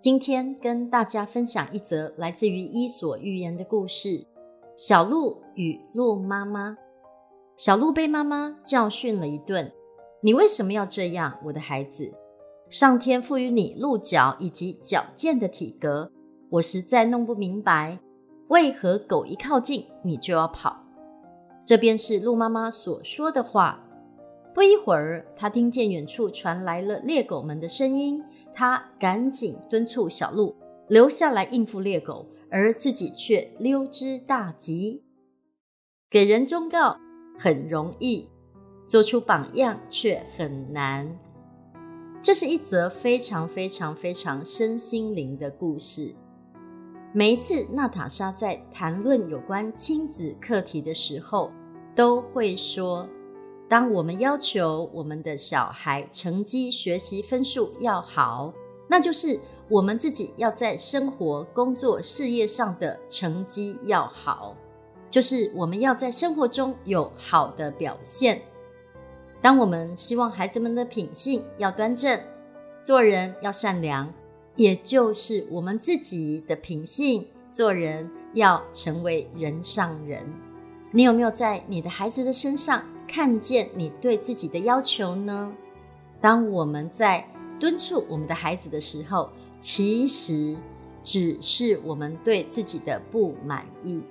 今天跟大家分享一則來自於《伊索寓言》的故事：小鹿與鹿媽媽。小鹿被媽媽教訓了一頓：“你為什麼要這樣，我的孩子？上天賦予你鹿角以及矯健的體格，我實在弄不明白，為何狗一靠近你就要跑。”這便是鹿媽媽所說的話。不一會兒，他聽見遠處傳來了獵狗們的聲音。他趕緊敦促小鹿留下來應付獵狗，而自己卻溜之大吉。給人忠告很容易，做出榜樣卻很難。這是一則非常非常非常身心靈的故事。每一次娜塔莎在談論有關親子課題的時候，都會說。當我們要求我們的小孩成績、學習分數要好，那就是我們自己要在生活、工作、事業上的成績要好，就是我們要在生活中有好的表現。當我們希望孩子們的品性要端正，做人要善良，也就是我們自己的品性，做人要成為人上人。你有沒有在你的孩子的身上？看見你對自己的要求呢？當我們在敦促我們的孩子的時候，其實只是我們對自己的不滿意。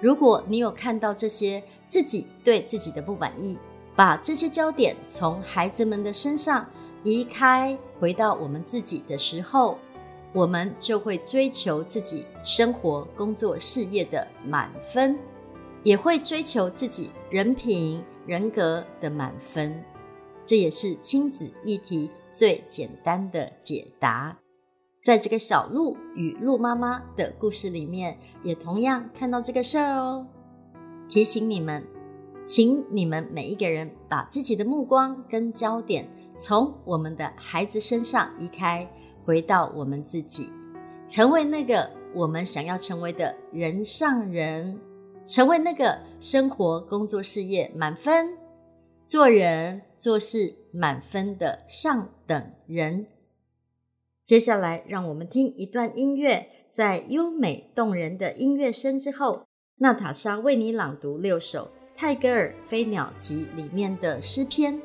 如果你有看到這些自己對自己的不滿意，把這些焦點從孩子們的身上移開，回到我們自己的時候，我們就會追求自己生活、工作、事業的滿分。也會追求自己人品人格的滿分，這也是親子議題最簡單的解答。在這個小鹿與鹿媽媽的故事裡面，也同樣看到這個事兒哦。提醒你們，請你們每一個人把自己的目光跟焦點從我們的孩子身上移開，回到我們自己，成為那個我們想要成為的人上人。成為那個生活、工作、事業滿分，做人做事滿分的上等人。接下來，讓我們聽一段音樂，在優美動人的音樂聲之後，娜塔莎為你朗讀六首泰戈爾《飛鳥集》裡面的詩篇。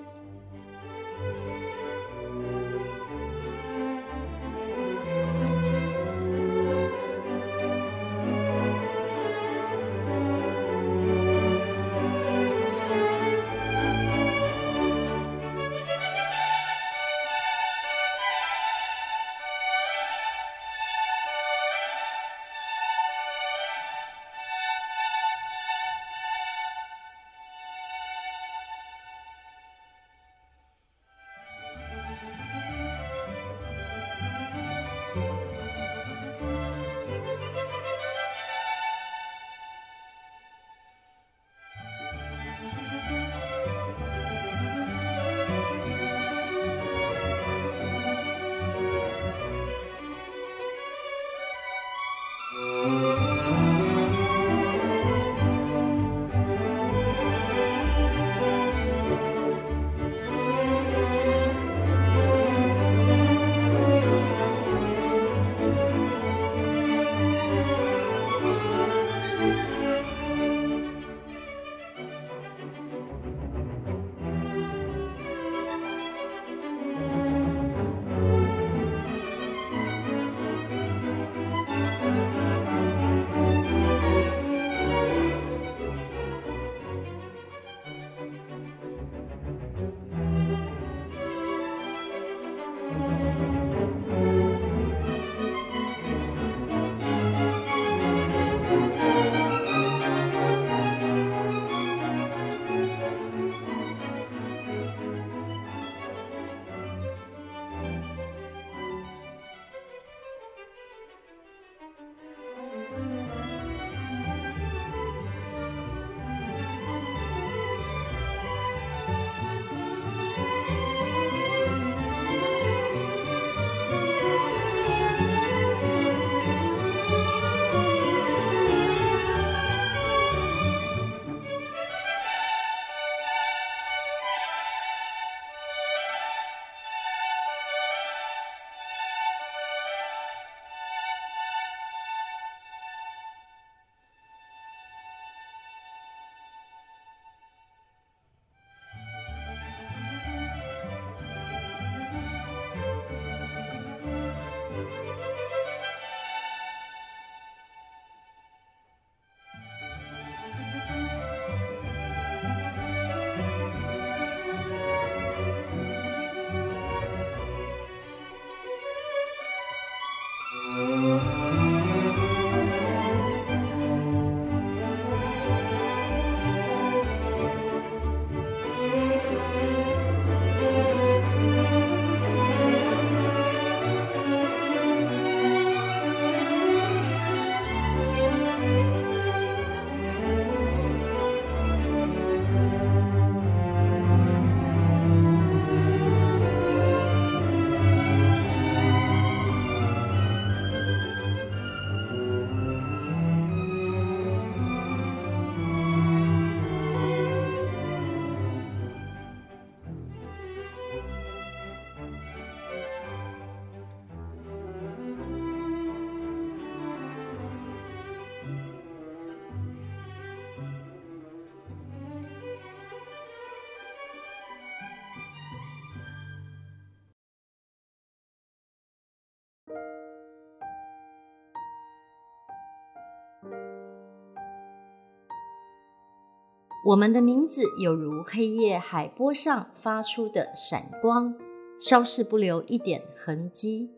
我們的名字有如黑夜海波上發出的閃光，消逝不留一點痕迹，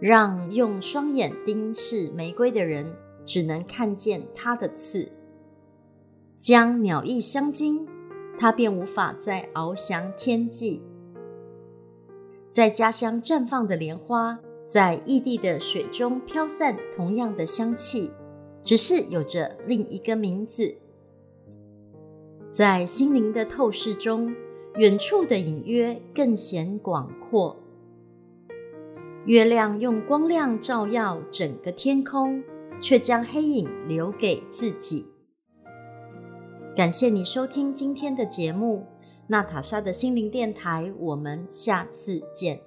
讓用雙眼盯視玫瑰的人只能看見它的刺，將鳥翼鑲金，它便無法再翱翔天際，在家鄉綻放的蓮花。在異地的水中飄散同樣的香氣，只是有着另一個名字。在心靈的透視中，遠處的隱約更顯廣闊。月亮用光亮照耀整個天空，卻將黑影留給自己。感謝你收聽今天的節目，《娜塔莎的心靈電台》，我們下次見。